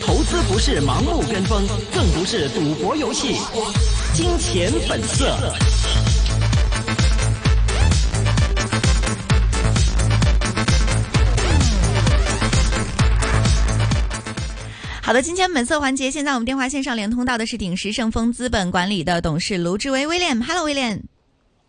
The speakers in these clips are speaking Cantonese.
投資不是盲目跟風，更不是賭博遊戲。金錢本色。 好的，今天本色環節，現在我們電話綫上連通到的是鼎石盛豐資本管理的董事盧志威 （William）。Hello，William。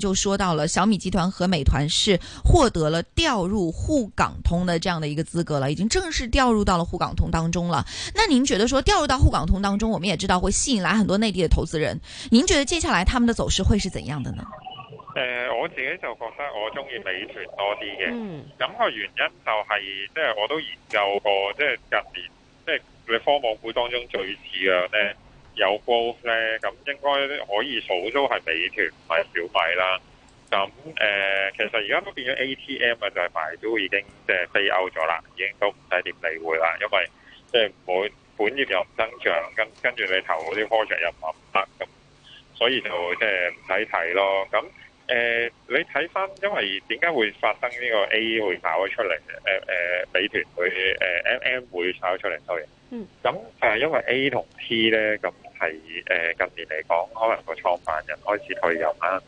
就說到了小米集團和美團是獲得了調入滬港通的這樣的一個資格了，已經正式調入到了滬港通當中了。那您覺得說調入到滬港通當中，我們也知道會吸引來很多內地的投資人。您覺得接下來他們的走勢會是怎樣的呢？誒、呃，我自己就覺得我中意美團多啲嘅，咁、那個原因就係、是、即係我都研究過，即係近年即係科網股當中最似嘅咧。有 growth 咧，咁應該可以數都係美團或者小米啦。咁誒、呃，其實而家都變咗 ATM 啊，就係、是、牌都已經即係 play out 咗啦，已經都唔使點理會啦，因為即係我本業又唔增長，跟跟住你投嗰啲 project 又唔得，咁所以就即係唔使睇咯。咁誒、呃，你睇翻，因為點解會發生呢個 A 會炒咗出嚟嘅？誒、呃、美團會誒、呃、MM 會炒咗出嚟去。嗯。咁係、呃、因為 A 同 T 咧咁。係誒近年嚟講，可能個創辦人開始退休啦，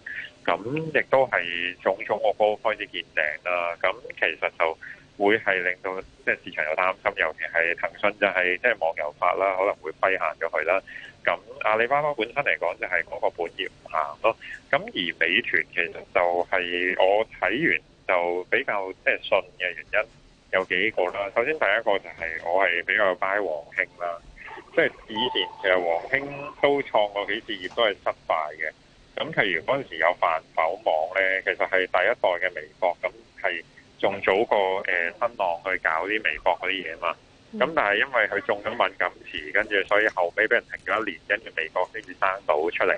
咁亦都係種種報告開始見頂啦。咁其實就會係令到即係、就是、市場有擔心，尤其係騰訊就係即係網遊法啦，可能會規限咗佢啦。咁阿里巴巴本身嚟講就係嗰個本業唔行咯。咁而美團其實就係我睇完就比較即係信嘅原因有幾個啦。首先第一個就係我係比較拜王興啦。即係以前其實王興都創過幾次業，都係失敗嘅。咁譬如嗰陣時有飯否網咧，其實係第一代嘅微博，咁係仲早過誒新浪去搞啲微博嗰啲嘢嘛。咁但係因為佢中咗敏感詞，跟住所以後尾俾人停咗一年，跟住微博先至生到出嚟。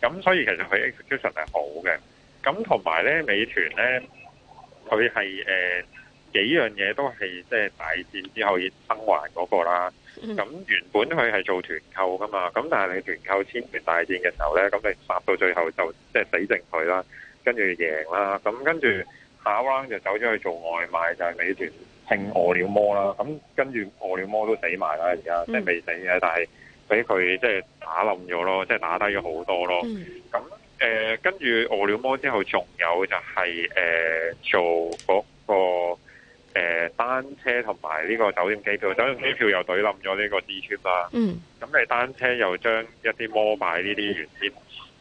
咁所以其實佢 execution 係好嘅。咁同埋咧，美團咧，佢係誒幾樣嘢都係即係大戰之後要生還嗰個啦。咁、mm hmm. 原本佢係做團購噶嘛，咁但係你團購千團大戰嘅時候咧，咁你殺到最後就即係、就是、死剩佢啦，跟住贏啦，咁跟住下 round 就走咗去做外賣，就係、是、美團拼餓了麼啦，咁跟住餓了麼都死埋啦，而家、mm hmm. 即係未死嘅，但係俾佢即係打冧咗咯，即、就、係、是、打低咗好多咯。咁誒跟住餓了麼之後，仲有就係、是、誒、呃、做嗰、那個。誒、呃，單車同埋呢個酒店機票，酒店機票又懟冧咗呢個 Ctrip 啦。嗯，咁你單車又將一啲摩拜呢啲原先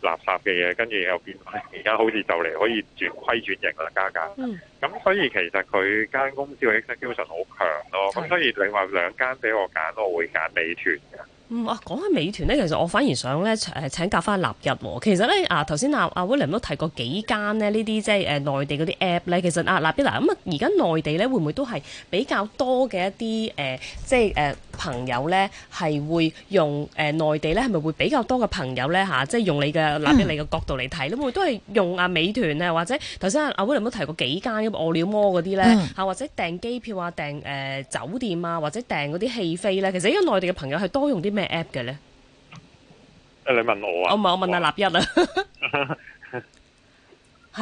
垃圾嘅嘢，跟住又變咗，而家好似就嚟可以轉規轉型啦，加價。嗯，咁所以其實佢間公司嘅 execution 好強咯、啊。咁所以另外兩間俾我揀，我會揀美團嘅。嗯、啊，講起美團咧，其實我反而想咧誒、呃、請教翻納日。其實咧啊頭先阿阿 William 都提過幾間咧，呢啲即係誒、呃、內地嗰啲 app 咧。其實啊納比啦，咁啊而家內地咧會唔會都係比較多嘅一啲誒、呃、即係誒、呃、朋友咧係會用誒，內地咧係咪會比較多嘅朋友咧嚇？即係用你嘅立比你嘅角度嚟睇咧，嗯、會唔會都係用阿美團啊，或者頭先阿 William 都提過幾間餓了麼嗰啲咧嚇，或者訂機票啊、訂誒、呃、酒店啊，或者訂嗰啲戲飛咧。其實而家內地嘅朋友係多用啲。咩 app 嘅咧？誒、欸，你問我啊？我唔係，我問阿立一啊。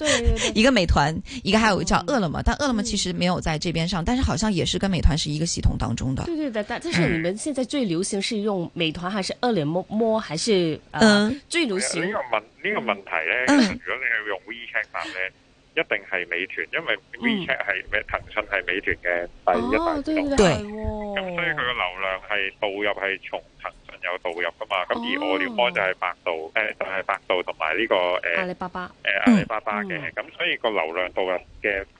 對、啊，一個美團，一個還有一叫餓了麼，嗯、但餓了麼其實沒有在這邊上，嗯、但是好像也是跟美團是一個系統當中的。對對的，但是你們現在最流行是用美團還是餓了麼？麼還是、啊、嗯，最流行？呢個問呢、嗯、個問題呢、嗯、如果你係用 WeChat 呢、嗯，用 V 啊、一定係美團，因為 WeChat 係咩騰訊係美團嘅第一大、啊、對對，咁對所以佢嘅流量係導入係從騰。有導入㗎嘛？咁、哦、而我哋方、欸、就係百度，誒就係百度同埋呢個誒阿里巴巴，誒、欸、阿里巴巴嘅。咁、嗯、所以個流量導入嘅。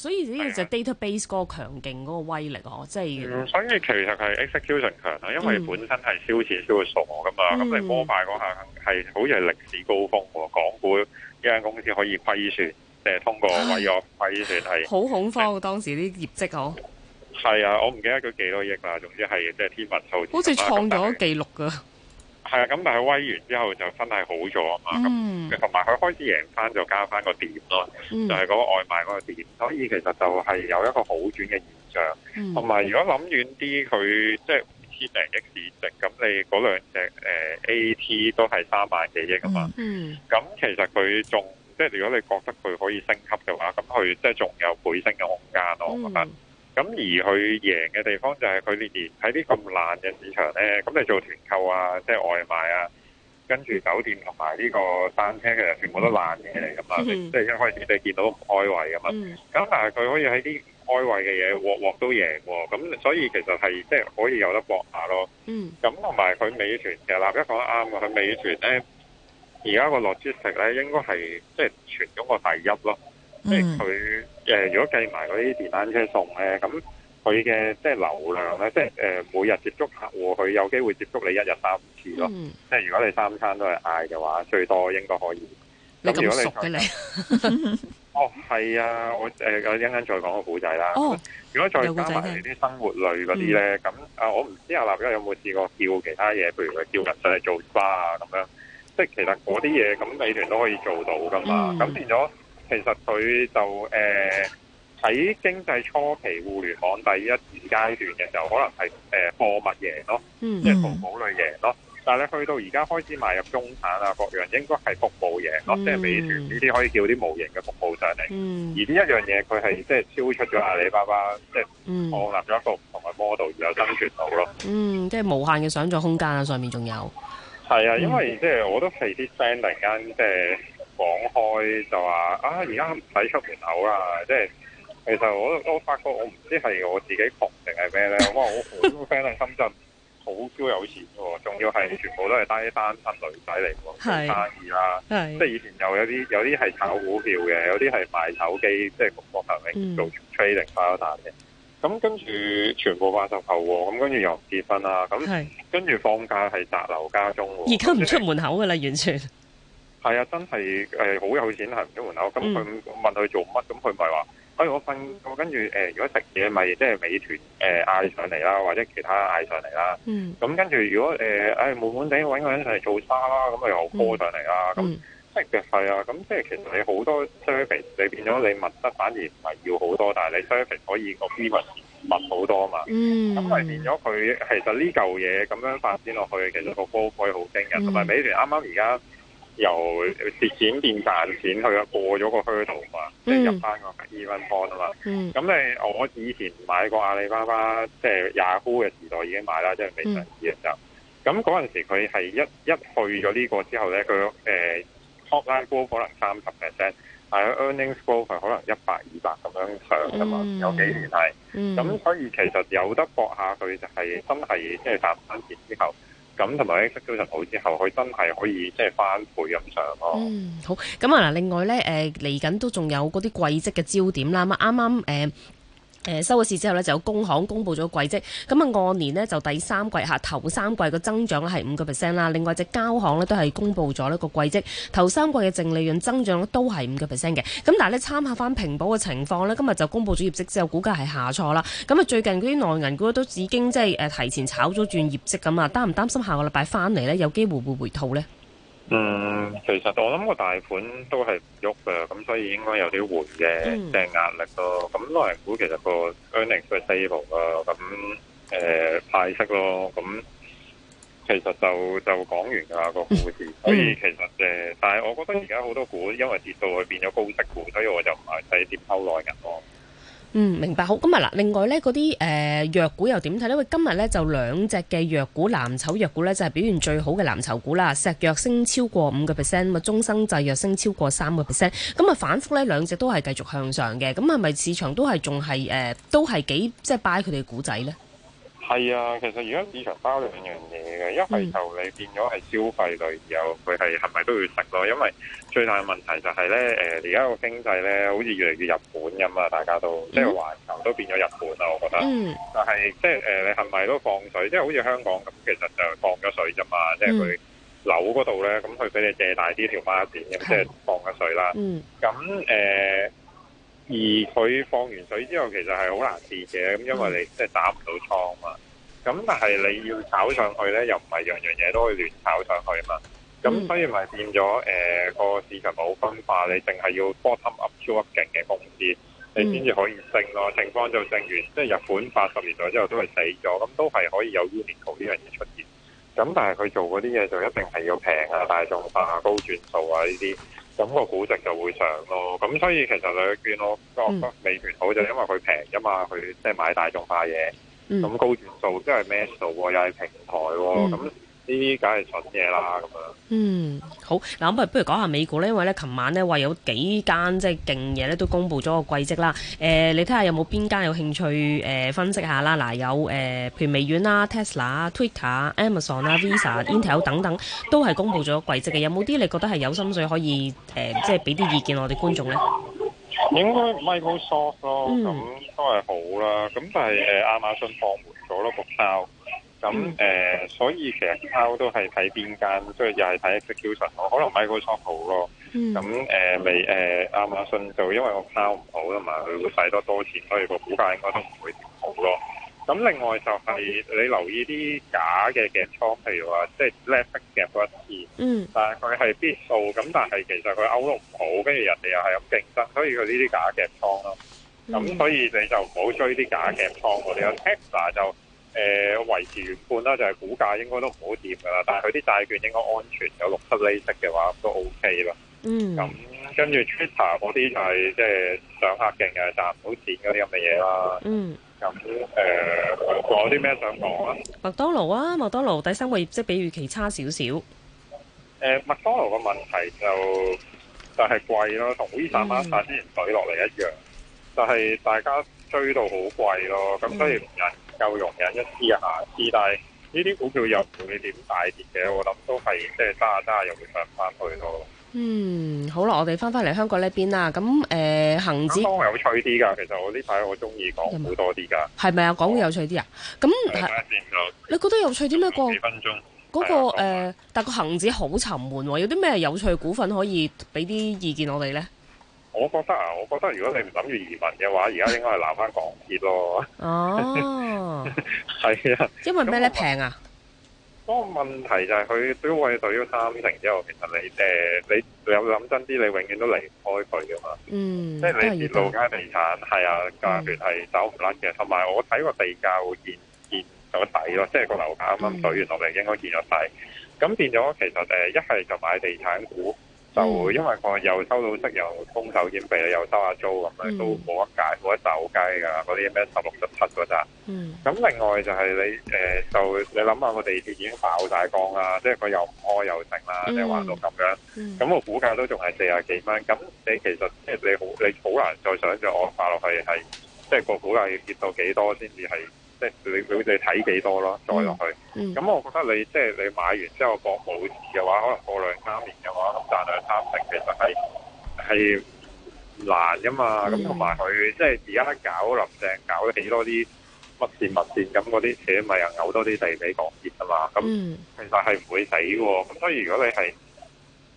所以呢個就係 database 嗰個強勁個威力哦，即係、嗯。所以其實係 execution 強啦，因為本身係燒錢燒到傻噶嘛，咁、嗯、你摩拜嗰下係好似係歷史高峯喎。港股一間公司可以虧損，誒通過虧損虧損係。啊、是好恐慌是當時啲業績哦。係啊，我唔記得佢幾多億啦，總之係即係天文數字好似創咗記錄噶。是 係啊，咁但係威完之後就真係好咗啊嘛，咁同埋佢開始贏翻就加翻個點咯，就係、是、嗰個外賣嗰個點，所以其實就係有一個好轉嘅現象。同埋、mm. 嗯嗯、如果諗遠啲，佢即係五千零億市值，咁你嗰兩隻、呃、AT 都係三萬幾億啊嘛，咁、mm. 嗯嗯、其實佢仲即係如果你覺得佢可以升級嘅話，咁佢即係仲有倍升嘅空間咯，mm. 我覺得。咁而佢贏嘅地方就係佢哋連喺啲咁爛嘅市場咧，咁你做團購啊，即係外賣啊，跟住酒店同埋呢個餐廳其實全部都爛嘢嚟㗎嘛。即係一開始你見到唔開胃㗎嘛，咁但係佢可以喺啲唔開胃嘅嘢鑊鑊都贏喎。咁所以其實係即係可以有得搏下咯。咁同埋佢美團其實立一講得啱嘅，佢美團咧而家個 logistics 咧應該係即係全中國第一咯，即係佢。誒、呃，如果計埋嗰啲電單車送咧，咁佢嘅即係流量咧，即係誒、呃、每日接觸客戶，佢有機會接觸你一日三次咯。嗯、即係如果你三餐都係嗌嘅話，最多應該可以。咁如果你？ 哦，係啊，我誒，我陣間再講個古仔啦。哦、如果再加埋你啲生活類嗰啲咧，咁啊、嗯呃，我唔知阿立哥有冇試過叫其他嘢，譬如佢叫人上嚟做 SPA 啊咁樣。即係其實嗰啲嘢，咁、嗯、美團都可以做到噶嘛。咁變咗。嗯其實佢就誒喺、欸、經濟初期互聯網第一二階段嘅時候，可能係誒貨物嘢咯，嗯、即係淘寶類嘢咯。但係你去到而家開始買入中產啊，各樣應該係服務嘢咯，嗯、即係美團呢啲可以叫啲無形嘅服務上嚟。嗯、而呢一樣嘢，佢係即係超出咗阿里巴巴，即係創立咗一個唔同嘅 model，然後生存到咯。嗯，即係無限嘅想象空間啊！上面仲有係啊，嗯、因為即係我都係啲 friend 突然間，即係。講開就話啊，而家唔使出門口啦。即係其實我我發覺我唔知係我自己窮定係咩咧。我話我好多 friend 喺深圳好超有錢嘅，仲要係全部都係單單身女仔嚟嘅，做生意啦，是即係以前又有啲有啲係炒股票嘅，有啲係賣手機，即係搏頭名做 trading 炒蛋嘅。咁跟住全部八十後，咁跟住又唔結婚啦。咁跟住放假係宅留家中，而家唔出門口噶啦，完全。完全係啊，真係誒好有錢係唔出門口。咁佢、嗯、問佢做乜，咁佢咪話，哎，我瞓，咁跟住誒、呃，如果食嘢咪即係美團誒嗌、呃、上嚟啦，或者其他嗌上嚟啦。嗯。咁跟住如果誒，哎悶悶地揾個人上嚟做沙啦，咁咪又 call 上嚟啦。咁即係嘅係啊，咁即係其實你好多 service 你變咗你物質反而唔係要好多，但係你 service 可以個資源密好多嘛。嗯。咁咪變咗佢，其實呢嚿嘢咁樣發展落去，其實個波可以好驚人。同埋美團啱啱而家。由蝕錢變賺錢去啊，過咗個 threshold 嘛，嗯、即係入翻個 even point 啊嘛、嗯。咁你我以前買過阿里巴巴，即係 Yahoo 嘅時代已經買啦，即係非常之嘅就候。咁嗰陣時佢係一一去咗呢個之後咧，佢誒、呃、top line growth 可能三十 percent，但係 earnings growth 可能一百二百咁樣上啊嘛，嗯、有幾年係。咁所以其實有得博下去，佢就係、是、真係即係賺翻錢之後。咁同埋咧，納入之後，佢真係可以即係翻倍咁上咯。嗯，好，咁啊嗱，另外咧，誒嚟緊都仲有嗰啲季績嘅焦點啦，嘛啱啱誒。呃誒，收市之後呢，就有工行公布咗季績，咁啊按年呢，就第三季吓頭三季個增長咧係五個 percent 啦。另外隻交行呢，都係公布咗呢個季績，頭三季嘅淨利潤增長都係五個 percent 嘅。咁但係咧參考翻平保嘅情況呢，今日就公布咗業績之後，股價係下挫啦。咁啊最近嗰啲內銀股都已經即係誒提前炒咗轉業績，咁啊擔唔擔心下個禮拜翻嚟呢，有機會會回吐呢？嗯，其實我諗個大盤都係唔喐嘅，咁所以應該有啲回嘅，即壓、嗯、力咯。咁內銀股其實個 earnings 低落啦，咁誒、呃、派息咯，咁其實就就講完啊個故事。所以其實誒，呃嗯、但係我覺得而家好多股因為跌到去變咗高息股，所以我就唔係使跌拋內銀咯。嗯，明白好。咁啊嗱，另外咧，嗰啲誒藥股，又點睇呢？因為今日咧就兩隻嘅藥股，藍籌藥股咧，就係、就是、表現最好嘅藍籌股啦。石藥升超過五個 percent，啊中生製藥升超過三個 percent。咁啊，反復咧，兩隻都係繼續向上嘅。咁係咪市場都係仲係誒，都係幾即係 buy 佢哋股仔咧？係啊，其實而家市場包兩樣嘢嘅，一係就你變咗係消費類，然後佢係係咪都要食咯？因為最大嘅問題就係、是、咧，誒而家個經濟咧好似越嚟越日本咁啊。大家都即係環球都變咗日本啦，我覺得。嗯。但係即係誒、呃，你係咪都放水？即係好似香港咁，其實就放咗水啫嘛，嗯、即係佢樓嗰度咧，咁佢俾你借大啲條孖線咁，即係放咗水啦。嗯。咁誒、嗯？而佢放完水之後，其實係好難跌嘅，咁因為你即係打唔到倉嘛。咁但係你要炒上去呢，又唔係樣樣嘢都可以亂炒上去嘛。咁所以咪變咗誒、呃個市場冇分化，你淨係要 bottom up 超級勁嘅公司，你先至可以升咯。情況就正如，即係日本八十年代之後都係死咗，咁都係可以有 Uniqlo 呢樣嘢出現。咁但係佢做嗰啲嘢就一定係要平啊、大眾化、高轉數啊呢啲。咁個估值就會上咯，咁所以其實你去見我覺得美團好就因為佢平啫嘛，佢即係買大眾化嘢，咁高轉數即係咩數喎，又係平台喎，咁。 呢啲梗係蠢嘢啦咁樣。嗯，好嗱，咁不如不如講下美股咧，因為咧，琴晚咧話有幾間即係勁嘢咧都公布咗個季績啦。誒、呃，你睇下有冇邊間有興趣，誒、呃、分析下啦？嗱、呃，有誒，譬、呃、如微軟啦、Tesla、Twitter、Amazon 啦、啊、Visa、Intel 等等，都係公布咗個季績嘅。有冇啲你覺得係有心水可以誒、呃，即係俾啲意見我哋觀眾咧？應該 Microsoft 咯，嗯、都係好啦。咁但係誒、呃，亞馬遜放緩咗咯，報。咁誒、嗯呃，所以其實抄都係睇邊間，所以又係睇 Execution 咯，可能買個倉好咯。咁誒未誒亞馬遜，呃啊、因為我抄唔好啦嘛，佢會使得多錢，所以個估價應該都唔會好咯。咁另外就係你留意啲假嘅夾倉，譬如話即係叻逼嘅嗰一支，嗯，但係佢係必數，咁但係其實佢歐都唔好，跟住人哋又係咁競爭，所以佢呢啲假夾倉咯。咁所以你就唔好追啲假夾倉喎。你有 Tesla 就。誒，維、呃、持原判啦，就係、是，股價應該都唔好掂噶啦，但係佢啲債券應該安全，有六七厘息嘅話都 OK、嗯啊、啦。嗯，咁跟住 Twitter 嗰啲就係即係上客勁嘅，賺唔到錢嗰啲咁嘅嘢啦。嗯，咁誒，仲有啲咩想講啊？麥當勞啊，麥當勞第三個業績比預期差少少。誒、呃，麥當勞嘅問題就就係、是，貴咯，同 Visa、Master 之前懟落嚟一樣，就係大家追到好貴咯，咁所以唔引、嗯。嗯夠用嘅，一試下，試但係呢啲股票又你點大跌嘅，我諗都係即係揸揸三又會上翻去咯。嗯，好啦，我哋翻翻嚟香港呢一邊啦，咁誒恒指，呃、有趣啲噶。其實我呢排我中意講好多啲噶，係咪啊，講會有趣啲啊？咁你覺得有趣啲咩股？幾分鐘。嗰、嗰個誒，呃、但個恒指好沉悶喎，有啲咩有趣股份可以俾啲意見我哋咧？我覺得啊，我覺得如果你唔諗住移民嘅話，而家應該係留翻港鐵咯。哦，係啊。因為咩咧？平啊？個問題就係、是、佢都會退咗三成之後，其實你誒，你有諗真啲，你永遠都離唔開佢噶嘛。嗯。即係你跌路街，地產係、嗯、啊，價跌係走唔甩嘅，同埋、嗯、我睇個地價見見有個底咯，即係個樓價啱啱懟完落嚟，應該見咗底。咁、嗯、變咗，其實誒，一係就是是買地產股。就、mm. 因為佢又收到息，又攻守兼備，又收下租咁樣，mm. 都冇得戒，冇得走雞㗎，嗰啲咩十六十七㗎咋。嗯。咁、mm. 另外就係你誒、呃，就你諗下個地鐵已經爆曬光啦、啊，即係佢又唔開又剩啦、啊，即係、mm. 玩到咁樣。嗯。咁個股價都仲係四十幾蚊。咁你其實即係、就是、你好你好難再想象我話落去係即係個股價要跌到幾多先至係？即係你你哋睇幾多咯，再落去。咁、嗯嗯、我覺得你即係、就是、你買完之後博牛市嘅話，可能過兩三年嘅話，賺兩三成其實係係難噶嘛。咁同埋佢即係而家搞林鄭搞起多啲乜線乜線，咁嗰啲嘢咪又嘔多啲地俾港鐵啊嘛。咁其實係唔會死喎。咁所以如果你係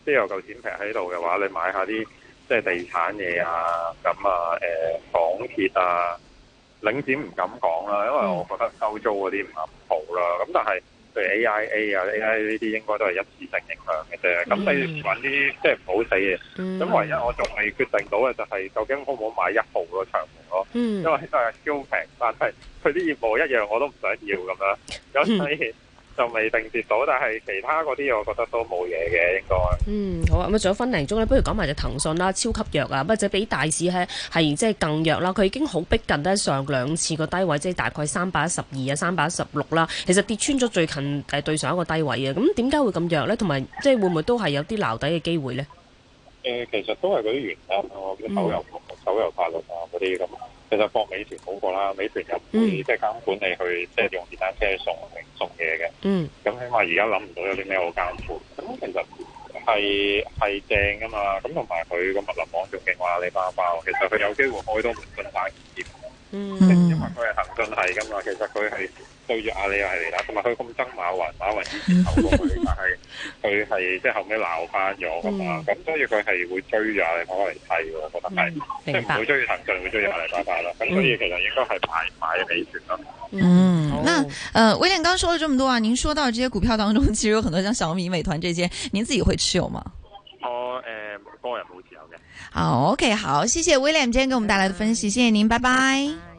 即係有嚿錢平喺度嘅話，你買一下啲即係地產嘢啊，咁啊誒、呃、港鐵啊。領展唔敢講啦，因為我覺得收租嗰啲唔係好啦。咁但係譬如 AIA 啊、AIA 呢啲應該都係一次性影響嘅啫。咁你揾啲即係唔好死嘅。咁唯一我仲未決定到嘅就係究竟好唔好買一號嗰個場咯？ 因為都係超平，但係佢啲業務一樣我都唔想要咁樣。有啲。 就未定跌到，但係其他嗰啲，我覺得都冇嘢嘅，應該、嗯。嗯，好啊，咁啊，仲有分零鐘咧，不如講埋隻騰訊啦，超級弱啊，或者比大市係係即係更弱啦。佢已經好逼近得上兩次個低位，即係大概三百一十二啊，三百一十六啦。其實跌穿咗最近誒對上一個低位啊。咁點解會咁弱咧？同埋即係會唔會都係有啲撈底嘅機會咧？誒、嗯，其實都係嗰啲原因我啲手遊、手遊法律啊嗰啲咁。其實博美團好過啦，美團又唔會即係監管你去即係用電單車送送嘢嘅。咁、嗯、起碼而家諗唔到有啲咩好監管。咁其實係係正㗎嘛。咁同埋佢個物流網仲勁過阿里巴巴，其實佢有機會開多門分單業。嗯，嗯因為佢係騰訊係噶嘛，其實佢係對住阿里又係嚟啦，同埋佢咁憎馬雲，馬雲之前投過佢， 但係佢係即係後尾鬧翻咗咁啊，咁、嗯、所以佢係會追住阿里巴巴嚟睇嘅，我覺得係，即係唔會追騰訊，會追阿里巴巴咯。咁、嗯、所以其實應該係買買美團咯。嗯，以嗯那呃威廉剛剛講咗咁多啊，您說到這些股票當中，其實有很多像小米、美團這些，您自己會持有嗎？我誒，個人好自由嘅。OK 好，謝謝威廉今天給我們帶來的分析，謝謝您，拜拜。